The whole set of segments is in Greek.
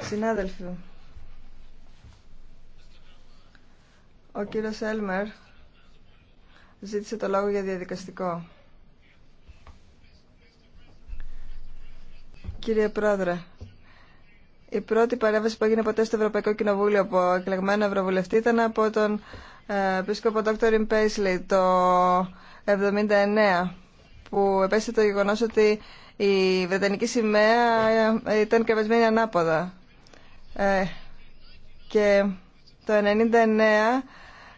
Συνάδελφοι, ο κύριος Έλμερ ζήτησε το λόγο για διαδικαστικό. Κύριε Πρόεδρε, η πρώτη παρέμβαση που έγινε ποτέ στο Ευρωπαϊκό Κοινοβούλιο από εκλεγμένο Ευρωβουλευτή ήταν από τον ε, Επίσκοπο Dr. Impaisley το 1979 που επέστρεψε το γεγονό ότι η Βρετανική σημαία ε, ήταν κρεβασμένη ανάποδα. Ε, και το 1999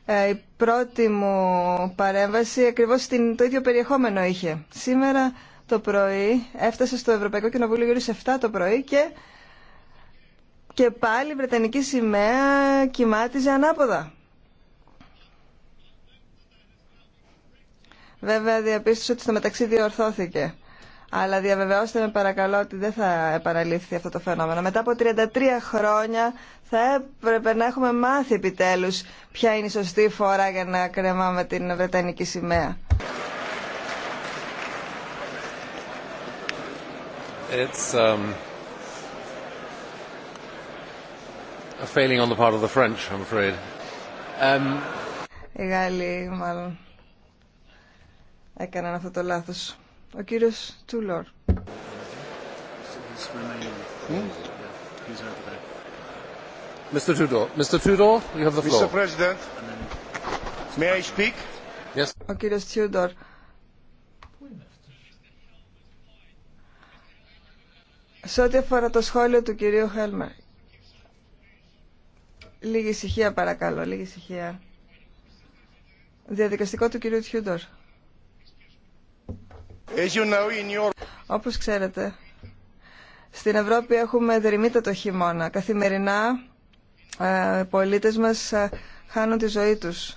ε, η πρώτη μου παρέμβαση ακριβώς το ίδιο περιεχόμενο είχε. Σήμερα το πρωί έφτασε στο Ευρωπαϊκό Κοινοβούλιο γύρω 7 το πρωί και, και πάλι η Βρετανική σημαία κοιμάτιζε ανάποδα. Βέβαια διαπίστωσε ότι στο μεταξύ διορθώθηκε. Αλλά διαβεβαιώστε με παρακαλώ ότι δεν θα επαναλήφθει αυτό το φαινόμενο. Μετά από 33 χρόνια θα έπρεπε να έχουμε μάθει επιτέλους ποια είναι η σωστή φορά για να κρεμάμε την Βρετανική σημαία. It's, um, a failing on the part of the French, I'm afraid. Um έκαναν αυτό το λάθος. Ο κύριος Τσούλορ. Mr. Tudor. Mr. Tudor, you have the floor. Mr. President, may I speak? Yes. Ο κύριος Τσούλορ. Σε ό,τι αφορά το σχόλιο του κυρίου Χέλμερ. Λίγη ησυχία παρακαλώ, λίγη ησυχία. Διαδικαστικό του κυρίου Τιούντορ. Όπως ξέρετε, στην Ευρώπη έχουμε δερμήτα το χειμώνα. Καθημερινά ε, οι πολίτες μας ε, χάνουν τη ζωή τους.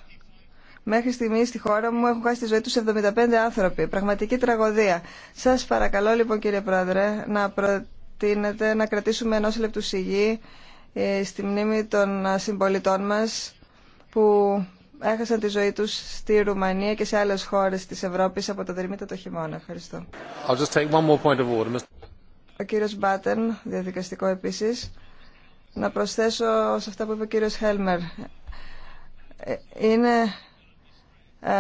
Μέχρι στιγμή στη χώρα μου έχουν χάσει τη ζωή τους 75 άνθρωποι. Πραγματική τραγωδία. Σας παρακαλώ λοιπόν κύριε Πρόεδρε να προτείνετε να κρατήσουμε ενός λεπτού σιγή ε, στη μνήμη των συμπολιτών μας που έχασαν τη ζωή τους στη Ρουμανία και σε άλλες χώρες της Ευρώπης από τα δερμήτα το χειμώνα. Ευχαριστώ. Ο κύριος Μπάτεν, διαδικαστικό επίσης. Να προσθέσω σε αυτά που είπε ο κύριος Χέλμερ. Ε, είναι ε,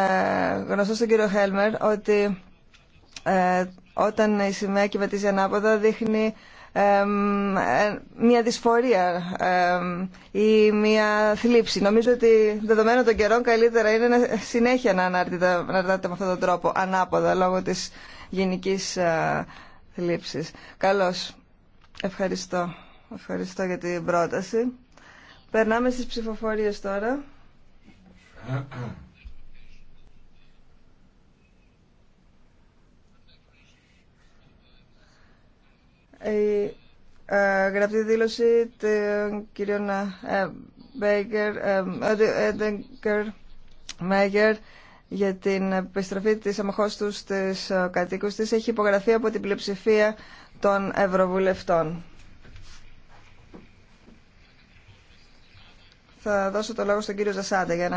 γνωστό στον κύριο Χέλμερ ότι ε, όταν η σημαία κυβετίζει ανάποδα δείχνει ε, μια δυσφορία ή μια θλίψη. Νομίζω ότι δεδομένου των καιρών καλύτερα είναι να συνέχεια να αναρτάται με αυτόν τον τρόπο, ανάποδα, λόγω της γενικής ε, θλίψης. Καλώς. Ευχαριστώ. Ευχαριστώ για την πρόταση. Περνάμε στις ψηφοφορίες τώρα. η ε, γραπτή δήλωση των κυρίων ε, ε, Έντεγκερ Μέγερ για την επιστροφή της του της κατοίκους της έχει υπογραφεί από την πλειοψηφία των Ευρωβουλευτών. Θα δώσω το λόγο στον κύριο Ζασάντα για να